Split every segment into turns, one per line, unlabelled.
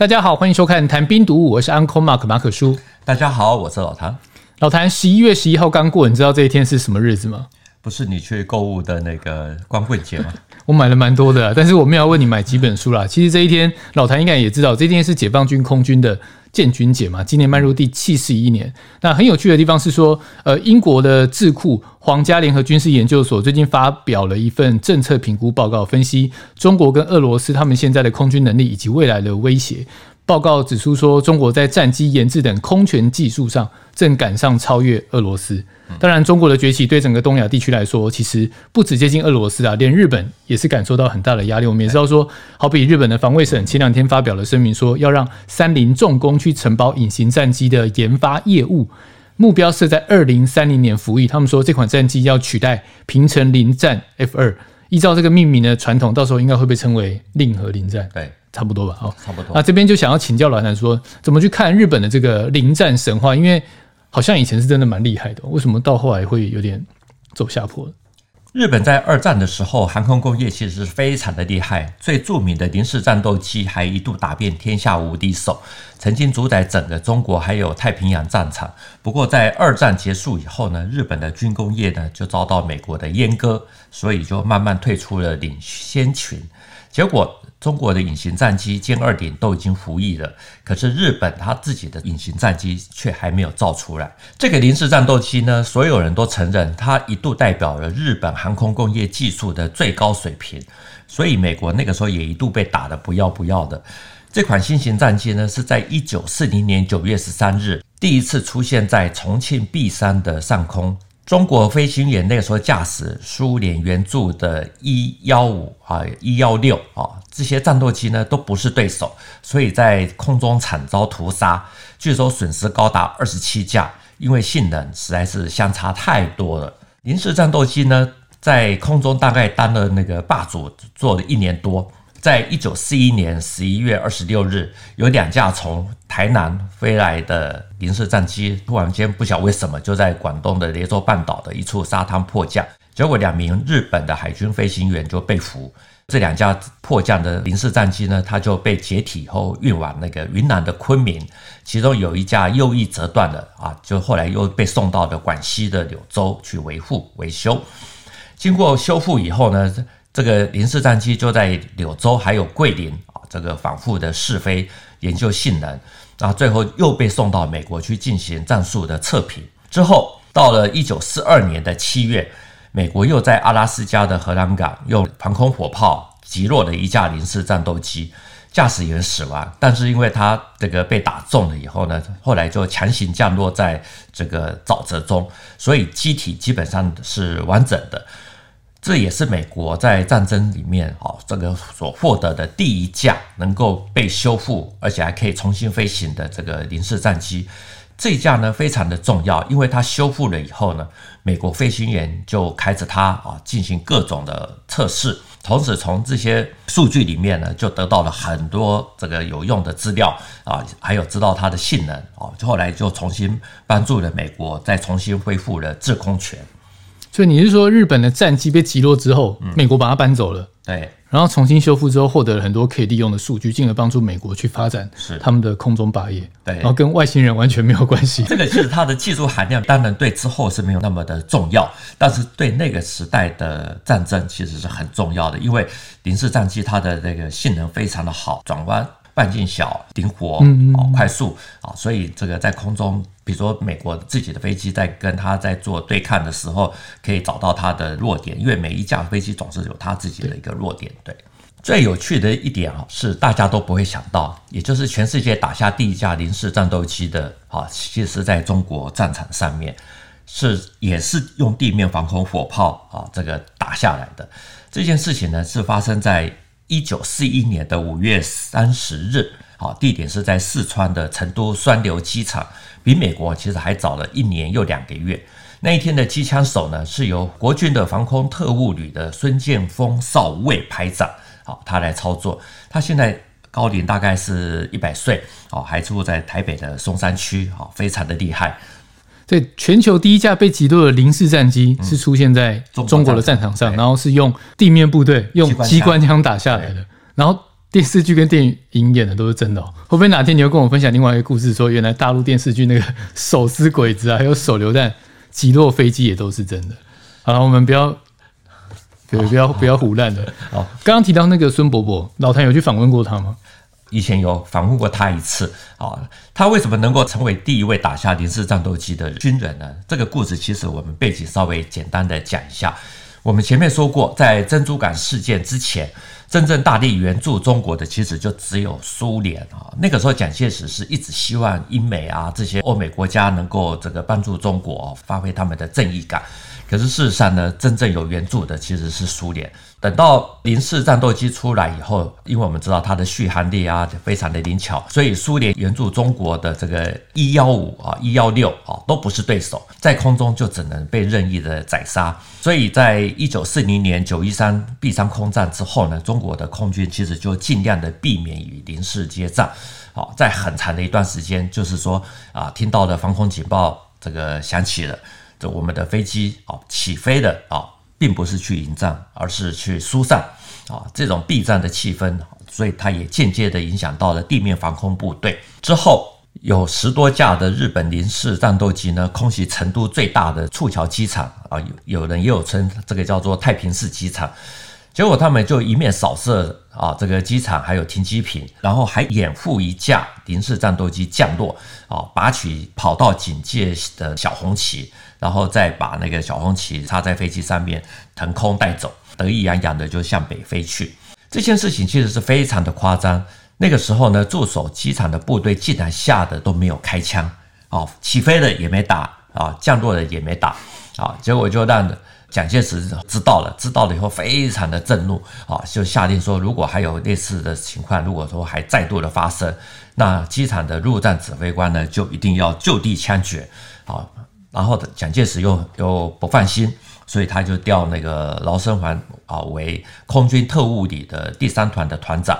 大家好，歡迎收看《譚兵讀武》，我是 Uncle Mark 馬可叔。大家好，我是老譚。老譚，十一月十一號剛過，你知道這一天是什麼日子嗎？不是你去購物的那個光棍節嗎？ 我買了蠻多的啦，但是我沒有要問你買幾本書啦。其實這一天，老譚應該也知道，這一天是解放軍空軍的建軍節嘛，今年邁入第七十一年。那很有趣的地方是說，呃，英國的智庫皇家聯合軍事研究所最近發表了一份政策評估報告，分析中國跟俄羅斯他們現在的空軍能力以及未來的威脅。報告指出說，中國在戰機研制等空權技術上正趕上超越俄羅斯。當然，中國的崛起對整個東亞地區來說，其實不止接近俄羅斯啊，連日本也是感受到很大的壓力。我們也知道說，好比日本的防衛省前兩天發表了聲明，說要讓三菱重工去承包隱形戰機的研發業務，目標是在二零三零年服役。他們說這款戰機要取代平成零戰 F 二，依照這個命名的傳統，到時候應該會被稱為令和零戰。對，差不多吧？好，差不多。那、啊、這邊就想要請教老譚說，怎麼去看日本的這個零戰神話？因為好像以前是真的蠻厲害的，為什麼到後來會有點走下坡？
日本在二戰的時候，航空工業其實是非常的厲害，最著名的零式戰鬥機還一度打遍天下無敵手。曾經主宰整個中國，還有太平洋戰場。不過，在二戰結束以後呢，日本的軍工業呢就遭到美國的閹割，所以就慢慢退出了領先群。結果，中國的隱形戰機殲二零都已經服役了，可是日本它自己的隱形戰機卻還沒有造出來。這個零式戰鬥機呢，所有人都承認，它一度代表了日本航空工業技術的最高水平，所以美國那個時候也一度被打得不要不要的。這款新型戰機呢，是在一九四零年九月十三日第一次出現在重慶璧山的上空。中國飛行員那個時候駕駛蘇聯援助的 15, 6,、哦“伊幺五”啊、“伊幺六”啊這些戰鬥機呢，都不是對手，所以在空中慘遭屠殺。據說損失高達二十七架，因為性能實在是相差太多了。零式戰鬥機呢，在空中大概當了那個霸主，做了一年多。在一九四一年十一月二十六日，有兩架從台南飛來的零式戰機，突然間不曉得為什麼，就在廣東的雷州半島的一處沙灘迫降，結果兩名日本的海軍飛行員就被俘。這兩架迫降的零式戰機呢，它就被解體後運往那個雲南的昆明，其中有一架右翼折斷了啊，就後來又被送到了廣西的柳州去維護維修。經過修復以後呢，這個零式戰機就在柳州還有桂林啊，這個反覆的試飛研究性能，然後最後又被送到美國去進行戰術的測評。之後到了一九四二年的七月，美國又在阿拉斯加的荷蘭港用防空火炮擊落了一架零式戰鬥機，駕駛員死亡。但是因為他這個被打中了以後呢，後來就強行降落在這個沼澤中，所以機體基本上是完整的。這也是美國在戰爭裡面哦，這個所獲得的第一架能夠被修復，而且還可以重新飛行的這個零式戰機。這一架呢非常的重要，因為它修復了以後呢，美國飛行員就開着它啊進行各種的測試，同時從這些數據裡面呢就得到了很多這個有用的資料啊，還有知道它的性能啊。後來就重新幫助了美國再重新恢復了制空權。
所以你是說，日本的戰機被擊落之後，美國把它搬走了，對，然後重新修復之後，獲得了很多可以利用的數據，進而幫助美國去發展他們的空中霸業，
對，然後跟外星人完全沒有關係。嗯，這個其實它的技術含量當然對之後是沒有那麼的重要，但是對那個時代的戰爭其實是很重要的，因為零式戰機它的那個性能非常的好，轉彎。半徑小、靈活、快速、嗯嗯，啊、哦，所以這個在空中，比如說美國自己的飛機在跟它在做對抗的時候，可以找到它的弱點，因為每一架飛機總是有它自己的一個弱點。對，對最有趣的一點啊、哦，是大家都不會想到，也就是全世界打下第一架零式戰鬥機的啊、哦，其實在中國戰場上面是也是用地面防空火炮啊、哦、這個打下來的。這件事情呢，是發生在。一九四一年的五月三十日，好，地點是在四川的成都雙流機場，比美國其實還早了一年又兩個月。那一天的機槍手呢，是由國軍的防空特務旅的孫建峰少尉排長，好，他來操作。他現在高齡大概是一百歲，哦，還住在台北的松山區，哦，非常的厲害。對，
全球第一架被擊落的零式戰機是出現在
中國的戰場上，嗯、中
國戰場、欸、然後是用地面部隊用機關槍、機關槍、欸、打下來的。然後電視劇跟電影演的都是真的哦。會不會哪天你又跟我分享另外一個故事，說原來大陸電視劇那個手撕鬼子啊，還有手榴彈擊落飛機也都是真的？好了，我們不要，
對，不要、哦、不要唬爛了。好、哦，剛剛提到那個孫伯伯，老譚有去訪問過他嗎？以前有訪問過他一次啊，他為什麼能夠成為第一位打下零式戰鬥機的軍人呢？這個故事其實我們背景稍微簡單的講一下。我們前面說過，在珍珠港事件之前，真正大力援助中國的其實就只有蘇聯啊。那個時候，蔣介石是一直希望英美啊這些歐美國家能夠這個幫助中國，發揮他們的正義感。可是事實上呢，真正有援助的其實是蘇聯。等到零式戰鬥機出來以後，因為我們知道它的續航力啊非常的靈巧，所以蘇聯援助中國的這個一幺五啊、一幺六啊都不是對手，在空中就只能被任意的宰殺。所以在一九四零年九一三璧山空戰之後呢，中國的空軍其實就盡量的避免與零式接戰。好，在很長的一段時間，就是說啊，聽到了防空警報這個響起了。這我們的飛機啊起飛的啊，並不是去迎戰，而是去疏散啊，這種避戰的氣氛，所以它也間接地影響到了地面防空部隊。之後有十多架的日本零式戰鬥機呢，空襲成都最大的簇橋機場啊，有有人也有稱這個叫做太平寺機場。結果他們就一面掃射啊，這個機場還有停機坪，然後還掩護一架零式戰鬥機降落啊，拔起跑道警戒的小紅旗，然後再把那個小紅旗插在飛機上面，騰空帶走，得意洋洋的就向北飛去。這件事情其實是非常的誇張。那個時候呢，駐守機場的部隊竟然嚇得都沒有開槍啊，起飛了也沒打啊，降落了也沒打啊，結果就讓。蔣介石知道了，知道了以後非常的震怒啊，就下令說，如果還有類似的情況，如果說還再度的發生，那機場的陸戰指揮官呢，就一定要就地槍決。好，然後蔣介石又又不放心，所以他就調那個勞生環啊為空軍特務旅的第三團的團長，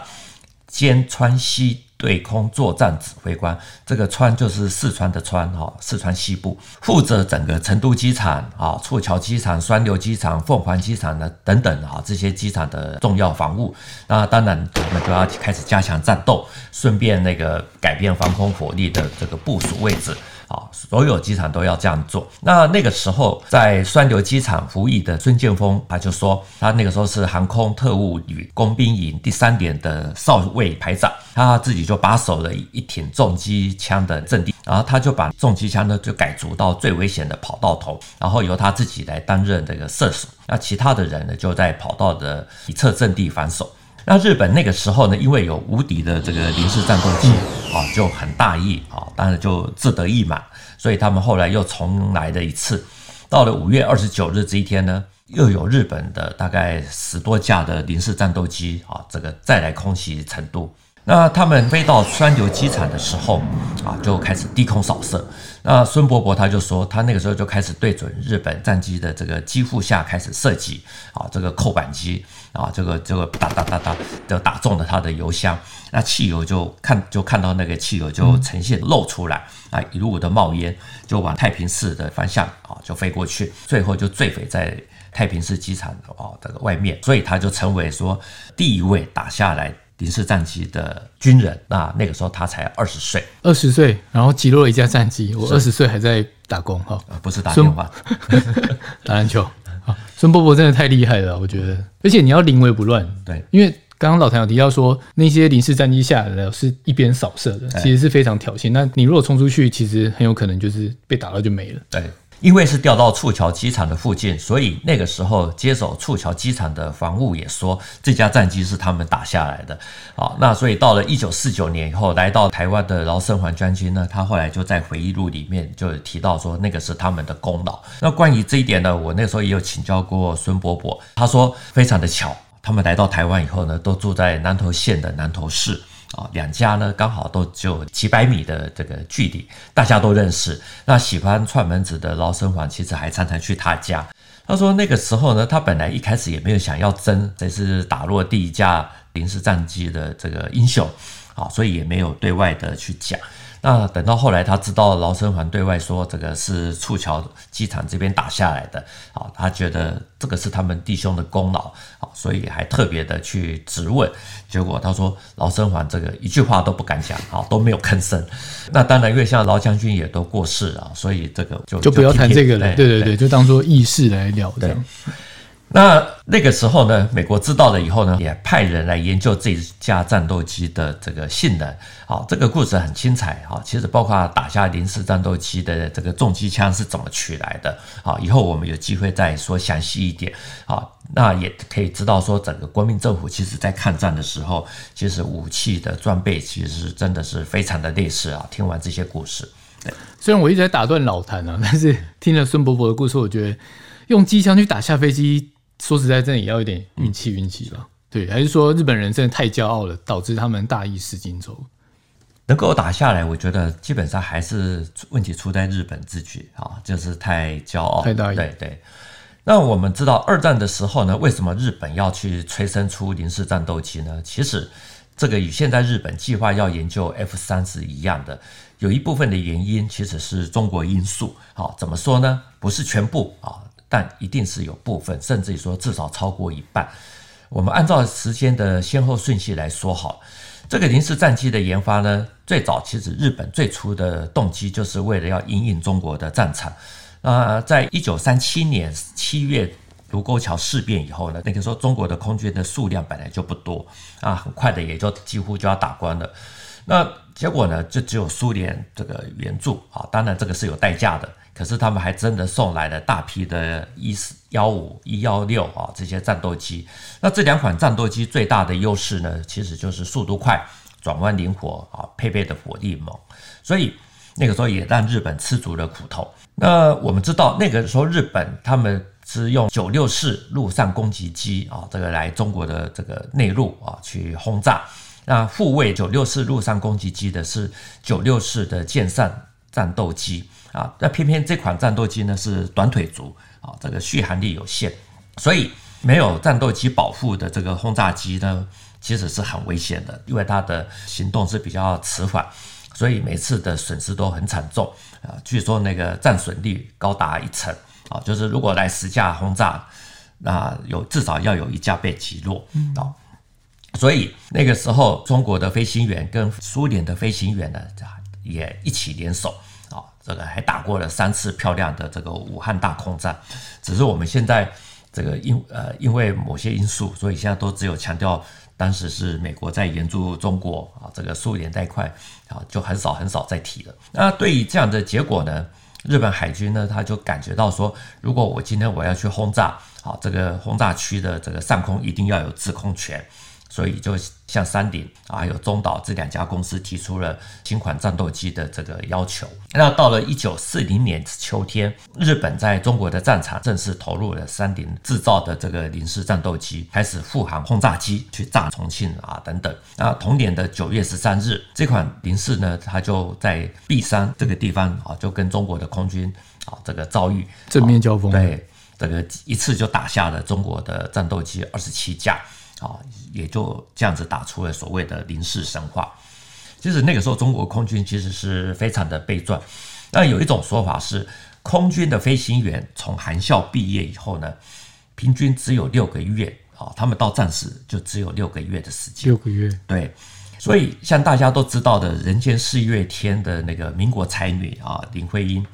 兼川西，對空作戰指揮官，這個川就是四川的川哈，四川西部負責整個成都機場啊、簇橋機場、雙流機場、鳳凰機場呢，等等哈，這些機場的重要防務。那當然，我們就要開始加強戰鬥，順便那個改變防空火力的這個部署位置啊，所有機場都要這樣做。那那個時候在雙流機場服役的孫建峰，他就說他那個時候是航空特務旅工兵營第三連的少尉排長。他自己就把守了一挺重機槍的陣地，然後他就把重機槍呢就改組到最危險的跑道頭，然後由他自己來擔任這個射手。那其他的人呢就在跑道的一側陣地防守。那日本那個時候呢，因為有無敵的這個零式戰鬥機啊，就很大意啊，當然就志得意滿，所以他們後來又重來了一次。到了五月二十九日這一天呢，又有日本的大概十多架的零式戰鬥機啊，這個再來空襲成都。那他們飛到雙流機場的時候，啊，就開始低空掃射。那孫伯伯他就說，他那個時候就開始對準日本戰機的這個機腹下開始射擊，啊，這個扣板機，啊，這個這個噠噠噠噠就打，打，打，打，打中了他的油箱，那汽油就看就看到那個汽油就呈現漏出來，啊，一路的冒煙，就往太平寺的方向，啊，就飛過去，最後就墜毀在太平寺機場的哦這個外面，所以他就成為說第一位打下來。零式戰機的軍人，那那個時候他才二十歲，
二十歲，然後擊落了一架戰機。是我二十歲還在打工哈，不是打電話，松 打籃球。孫伯伯真的太厲害了，我覺得，而且你要臨危不亂。嗯、對，因為剛剛老譚有提到說，那些零式戰機下來了是一邊掃射的，其實是非常挑釁。那、哎、你如果衝出去，其實很
有可能就是被打到就沒了。對、哎。因為是掉到簇橋機場的附近，所以那個時候接手簇橋機場的防務也說，這架戰機是他們打下來的。啊，那所以到了一九四九年以後，來到台灣的勞盛環將軍呢，他後來就在回憶錄裡面就提到說，那個是他們的功勞。那關於這一點呢，我那時候也有請教過孫伯伯，他說非常的巧，他們來到台灣以後呢，都住在南投縣的南投市。兩家呢，剛好都只有幾百米的這個距離，大家都認識。那喜歡串門子的勞生環其實還常常去他家。他說那個時候呢，他本來一開始也沒有想要爭誰是打落第一架零式戰機的這個英雄，好，所以也沒有對外的去講。那等到後來，他知道勞聲寰對外說，這個是促橋機場這邊打下來的，啊，他覺得這個是他們弟兄的功勞，啊，所以還特別的去質問，結果他說勞聲寰這個一句話都不敢講，啊，都沒有吭聲。那當然，因為像勞將軍也都過世了，啊，所以這個就就不要談這個了，對對對，就當
做軼事來聊這樣。
那那個時候呢，美國知道了以後呢，也派人來研究這架戰鬥機的這個性能。好、哦，這個故事很精彩啊、哦！其實包括打下零式戰鬥機的這個重機槍是怎麼取來的啊、哦？以後我們有機會再說詳細一點啊、哦。那也可以知道說，整個國民政府其實在抗戰的時候，其實武器的裝備其實真的是非常的劣勢啊。聽完這些故事，雖然我一直在打斷老譚
啊，但是聽了孫伯伯的故事，我覺得用機槍去打下飛機。說實在，真的也要一點運氣運氣了、嗯。啊、對，還是說日本人真的太驕傲了，導致他們大意失荊州。
能夠打下來，我覺得基本上還是問題出在日本自己啊、哦，就是太驕傲。太大意。對對。那我們知道二戰的時候呢，為什麼日本要去催生出零式戰鬥機呢？其實這個與現在日本計劃要研究 F 三是一樣的。有一部分的原因其實是中國因素。好、哦，怎麼說呢？不是全部啊。哦但一定是有部分，甚至於說至少超過一半。我們按照時間的先後順序來說，好，這個零式戰機的研發呢，最早其實日本最初的動機就是為了要因應中國的戰場。那在一九三七年七月盧溝橋事變以後呢，那個時候中國的空軍的數量本來就不多啊，很快的也就幾乎就要打光了。那結果呢，就只有蘇聯這個援助啊，當然這個是有代價的。可是他們還真的送來了大批的伊 -15、伊 -16 啊這些戰鬥機。那這兩款戰鬥機最大的優勢呢，其實就是速度快、轉彎靈活啊，配備的火力猛。所以那個時候也讓日本吃足了苦頭。那我們知道，那個時候日本他們是用九六式陸上攻擊機啊，這個來中國的這個內陸啊去轟炸。那護衛九六式陸上攻擊機的是九六式的艦上戰鬥機。啊，那偏偏這款戰鬥機呢是短腿族，啊，這個續航力有限，所以沒有戰鬥機保護的這個轟炸機呢，其實是很危險的，因為它的行動是比較遲緩，所以每次的損失都很慘重啊。據說那個戰損率高達一成啊，就是如果來十架轟炸，那有至少要有一架被擊落、嗯、啊。所以那個時候，中國的飛行員跟蘇聯的飛行員呢，也一起聯手。這個還打過了三次漂亮的這個武漢大空戰，只是我們現在這個因呃因為某些因素，所以現在都只有強調當時是美國在援助中國啊，這個蘇聯這一塊啊，就很少很少再提了。那對於這樣的結果呢，日本海軍呢，他就感覺到說，如果我今天我要去轟炸啊，這個轟炸區的這個上空一定要有制空權。所以就向三菱啊，還有中島這兩家公司提出了新款戰鬥機的這個要求。那到了一九四零年秋天，日本在中國的戰場正式投入了三菱製造的這個零式戰鬥機，開始護航轟炸機去炸重慶啊等等。那同年的九月十三日，這款零式呢，它就在璧山這個地方啊，就跟中國的空軍啊這個遭遇正面交鋒，對這個一次就打下了中國的戰鬥機二十七架。啊，也就這樣子打出了所謂的零式神話。其實那個時候，中國空軍其實是非常的悲壯。但有一種說法是，空軍的飛行員從航校畢業以後呢，平均只有六個月。啊，他們到戰死就只有六個月的時間。六個月。對。所以，像大家都知道的《人間四月天》的那個民國才女啊，林徽因，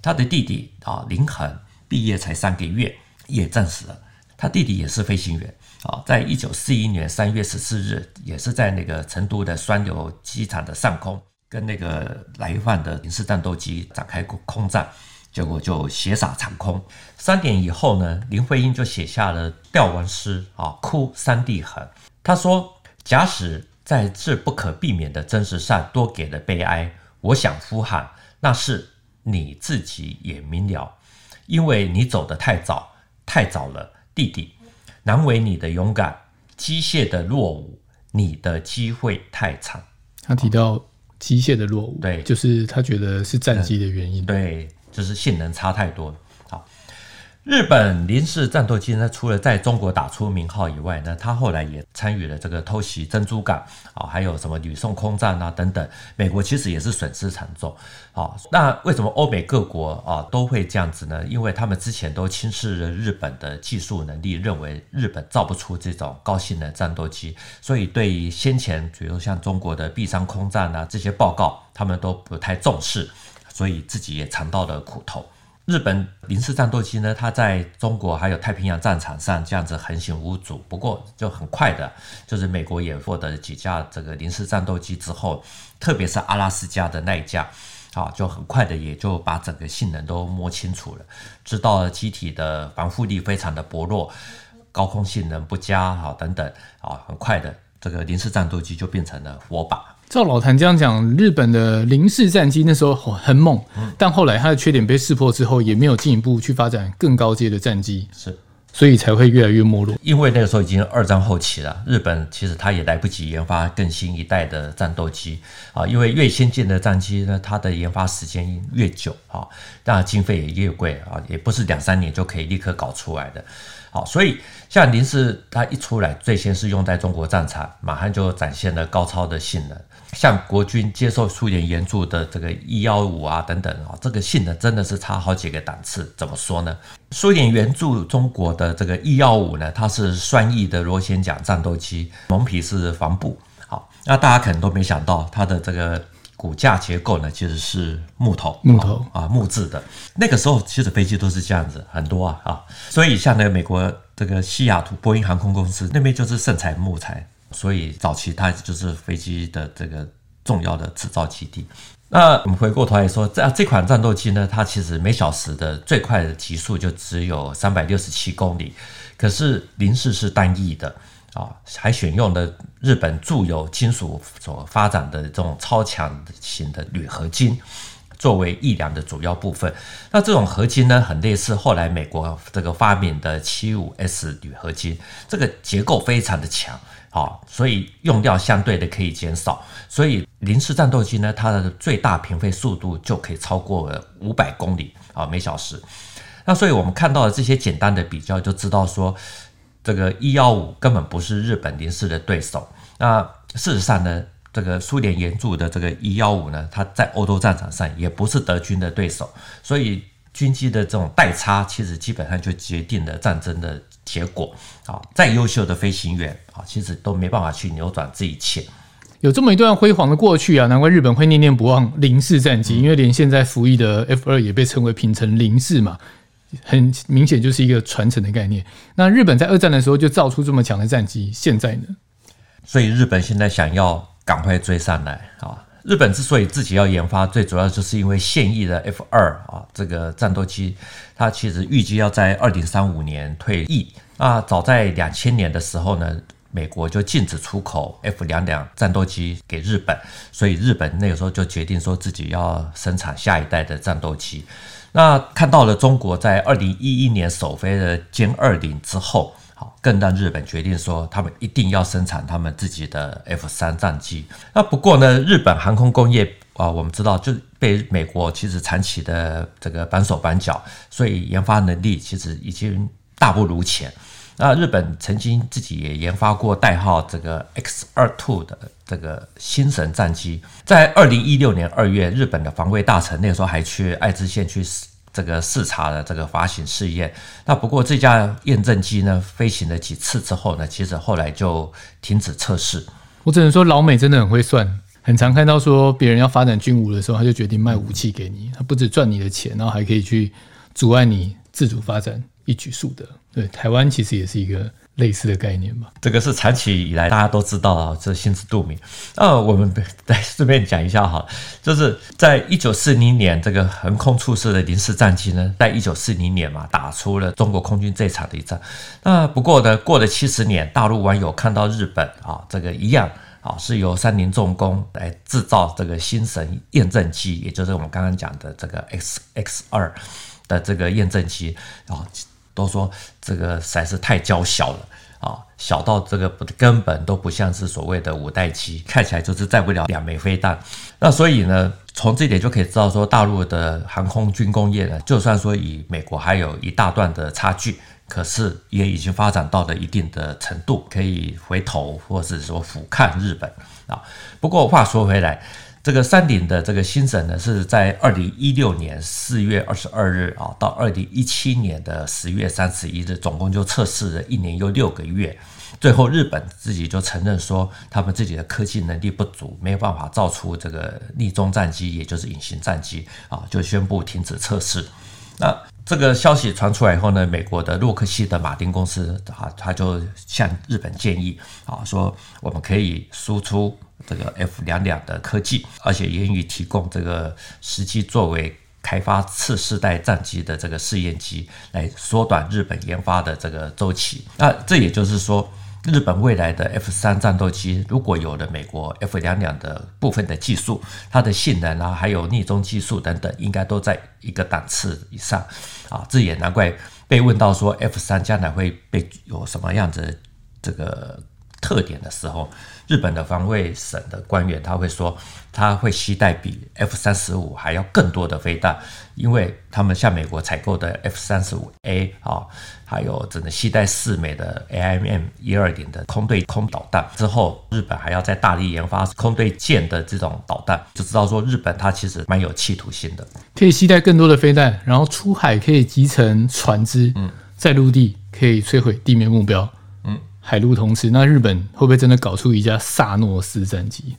她的弟弟啊林恆，畢業才三個月也戰死了。他弟弟也是飛行員。啊，在一九四一年三月十四日，也是在那個成都的雙流機場的上空，跟那個來犯的零式戰鬥機展開過空戰，結果就血灑長空。三點以後呢，林徽因就寫下了悼亡詩啊，哭三弟恆。他說：“假使在這不可避免的真實上多給了悲哀，我想呼喊，那是你自己也明了，因為你走得太早，太早了，弟弟。”難為你的勇敢，機械的落伍，你的機會太長。他提到機械的落伍，哦、對，就是他覺得是戰機的原因，對，就是性能差太多了。日本零式戰鬥機呢，除了在中國打出名號以外呢，它後來也參與了這個偷襲珍珠港啊，還有什麼呂宋空戰啊等等。美國其實也是損失慘重啊。那為什麼歐美各國啊都會這樣子呢？因為他們之前都輕視了日本的技術能力，認為日本造不出這種高性能戰鬥機，所以對於先前比如像中國的璧山空戰啊這些報告，他們都不太重視，所以自己也嘗到了苦頭。日本零式戰鬥機呢，它在中國還有太平洋戰場上這樣子橫行無阻。不過就很快的，就是美國也獲得幾架這個零式戰鬥機之後，特別是阿拉斯加的那一架，啊，就很快的也就把整個性能都摸清楚了，知道機體的防護力非常的薄弱，高空性能不佳，哈、啊、等等，啊，很快的這個零式戰鬥機就變成了火把。
照老譚這樣講，日本的零式戰機那時候很猛，但後來它的缺點被識破之後，也沒有進一步去發展更高階的戰機，是，所以才會越來越沒落。
因為那個時候已經二戰後期了，日本其實它也來不及研發更新一代的戰鬥機啊，因為越先進的戰機呢，它的研發時間越久啊，當然經費也越貴啊，也不是兩三年就可以立刻搞出來的。好，所以像零式，它一出來，最先是用在中國戰場，馬上就展現了高超的性能。像國軍接受蘇聯援助的這個 e 幺五啊、等等啊，這個性能真的是差好幾個檔次。怎麼說呢？蘇聯援助中國的這個 e 幺五呢，它是雙翼的螺旋槳戰鬥機，蒙皮是帆布。好，那大家可能都沒想到它的這個。骨架結構呢，其實是木頭，木頭啊，木質的。那個時候其實飛機都是這樣子，很多啊啊。所以像呢，美國這個西雅圖波音航空公司那邊就是盛產木材，所以早期它就是飛機的這個重要的制造基地。那我們回過頭來說，這這款戰鬥機呢，它其實每小時的最快的極速就只有三百六十七公里，可是零式是單翼的。啊、哦，還選用了日本住友金屬所發展的這種超強型的鋁合金，作為翼梁的主要部分。那這種合金呢，很類似後來美國這個發明的 75S 鋁合金，這個結構非常的強，啊、哦，所以用料相對的可以減少。所以零式戰鬥機呢，它的最大平飛速度就可以超過了五百公里啊、哦、每小時。那所以我們看到的這些簡單的比較，就知道說。這個一幺五根本不是日本零式的對手。那事實上呢，這個蘇聯援助的這個一幺五呢，它在歐洲戰場上也不是德軍的對手。所以軍機的這種代差，其實基本上就決定了戰爭的結果。啊、哦，再優秀的飛行員啊、哦，其實都沒辦法去扭轉這一切。有這麼一段輝煌的過
去啊，難怪日本會念念不忘零式戰機，嗯、因為連現在服役的 F 二也被稱為平成零式嘛。很明顯就是一個傳承的概念。那日本在二戰的時候就造出這麼強的戰機，現在呢？
所以日本現在想要趕快追上來啊、哦！日本之所以自己要研發，最主要就是因為現役的 F-2 啊、哦、這個戰鬥機，它其實預計要在二零三五年退役。那早在兩千年的時候呢，美國就禁止出口 F-22 戰鬥機給日本，所以日本那個時候就決定說自己要生產下一代的戰鬥機。那看到了中國在二零一一年首飛的殲二零之後，好，更讓日本決定說他們一定要生產他們自己的 F 三戰機。那不過呢，日本航空工業啊，我們知道就被美國其實長期的這個綁手綁腳，所以研發能力其實已經大不如前。那日本曾經自己也研發過代號這個 X 二 two 的這個心神戰機，在二零一六年二月，日本的防衛大臣那個時候還去愛知縣去這個視察了這個飛行試驗。那不過這架驗證機呢，飛行了幾次之後呢，其實後來就停止測試。我只能說，老美真的很會算，很常
看到說別人要發展軍武的時候，他就決定賣武器給你，他不止賺你的錢，然後還可以去阻礙你自主發展，一舉數得。對台灣其實也是一個類似的概
念嘛，這個是長期以來大家都知道，啊，這心知肚明。那我們再順便講一下哈，就是在一九四零年這個橫空出世的零式戰機呢，在一九四零年嘛打出了中國空軍這場的一戰。那不過呢，過了七十年，大陸網友看到日本啊、哦，這個一樣啊、哦，是由三菱重工來制造這個“心神”驗證機，也就是我們剛剛講的這個 X X 二的這個驗證機，哦都說這個實在是太嬌小了啊，小到這個根本都不像是所謂的五代機，看起來就是載不了兩枚飛彈。那所以呢，從這點就可以知道，說大陸的航空軍工業呢，就算說與美國還有一大段的差距，可是也已經發展到了一定的程度，可以回頭或是說俯瞰日本啊。不過話說回來。這個三菱的這個心神呢，是在二零一六年四月二十二日啊，到二零一七年的十月三十一日，總共就測試了一年又六個月。最後，日本自己就承認說，他們自己的科技能力不足，沒有辦法造出這個匿蹤戰機，也就是隱形戰機啊，就宣布停止測試。那。這個消息傳出來以後呢，美國的洛克希德馬丁公司啊，他就向日本建議啊，說我們可以輸出這個 F 22的科技，而且願意提供這個實機作為開發次世代戰機的這個試驗機，來縮短日本研發的這個周期。那這也就是說。日本未來的 F-3 戰鬥機，如果有了美國 F-22 的部分的技術，它的性能啊，還有匿蹤技術等等，應該都在一個檔次以上，啊，這也難怪被問到說 F-3 將來會被有什麼樣子這個。特點的時候，日本的防衛省的官員他會說，他會攜帶比 F 三十五還要更多的飛彈，因為他們向美國採購的 F 三十五 A 啊，還有整個攜帶四枚的 AIM 一二零的空對空導彈之後，日本還要再大力研發空對艦的這種導彈，就知道說日本它其實蠻有企圖心的，
可以攜帶更多的飛彈，然後出海可以集成船隻，嗯、在陸地可以摧毀地面目標。
海陸同時，那日本會不會真的搞出一架薩諾斯戰機？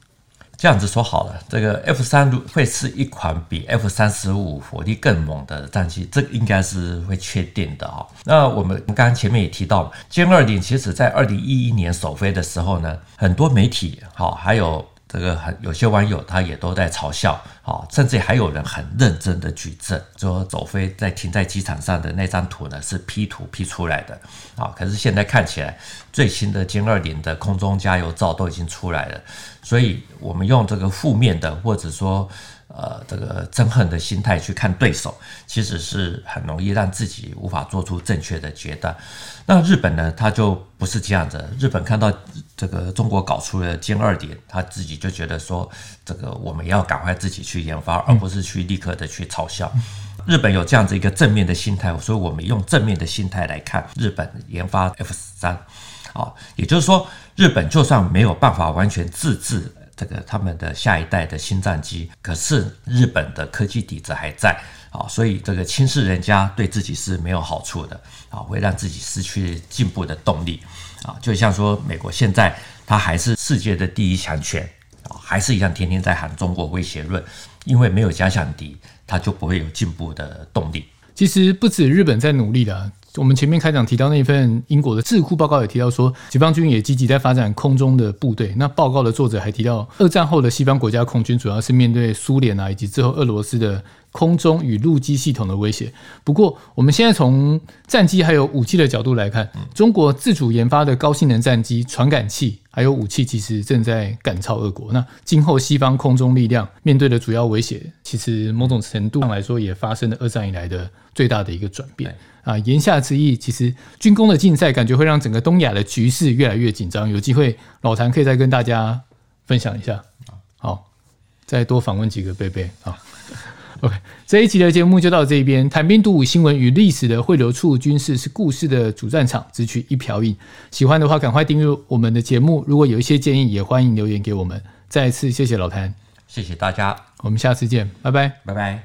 這樣子說好了，這個 F 三會是一款比 F 三十五火力更猛的戰機，這個、應該是會確定的哈。那我們剛剛前面也提到，殲二零其實，在二零一一年首飛的時候呢，很多媒體哈還有。這個很，有些網友他也都在嘲笑啊，甚至還有人很認真的舉證，說走飛在停在機場上的那張圖呢是 P 圖 P 出來的啊。可是現在看起來，最新的殲二零的空中加油照都已經出來了，所以我們用這個負面的或者說。呃，這個憎恨的心態去看對手，其實是很容易讓自己無法做出正確的決斷。那日本呢，他就不是這樣子。日本看到這個中國搞出了殲二零，他自己就覺得說，這個我們要趕快自己去研發，而不是去立刻的去嘲笑。嗯、日本有這樣子一個正面的心態，所以我們用正面的心態來看日本研發 F 三，啊、哦，也就是說，日本就算沒有辦法完全自制。這個他們的下一代的新戰機，可是日本的科技底子還在啊，所以這個輕視人家對自己是沒有好處的啊，會讓自己失去進步的動力啊。就像說美國現在它還是世界的第一強權啊，還是一樣天天在喊中國威脅論，因為沒有假想敵，它就不會有進步的動力。
其實不止日本在努力的。我們前面開講提到那一份英國的智庫報告也提到說，解放軍也積極在發展空中的部隊。那報告的作者還提到，二戰後的西方國家空軍主要是面對蘇聯啊，以及之後俄羅斯的。空中與陸基系統的威脅。不過，我們現在從戰機還有武器的角度來看，中國自主研發的高性能戰機、傳感器還有武器，其實正在趕超俄國。那今後西方空中力量面對的主要威脅，其實某種程度上來說也發生了二戰以來的最大的一個轉變。啊，言下之意，其實軍工的競賽感覺會讓整個東亞的局勢越來越緊張。有機會，老譚可以再跟大家分享一下。好，再多訪問幾個拜拜啊。OK，這一集的節目就到這一邊。談兵讀武，新聞與歷史的匯流處，軍事是故事的主戰場，只取一瓢飲。喜歡的話，趕快訂閱我們的節目。如果有一些建議，也歡迎留言給我們。再一次謝謝老譚，謝謝大家，我們下次見，拜拜，拜拜。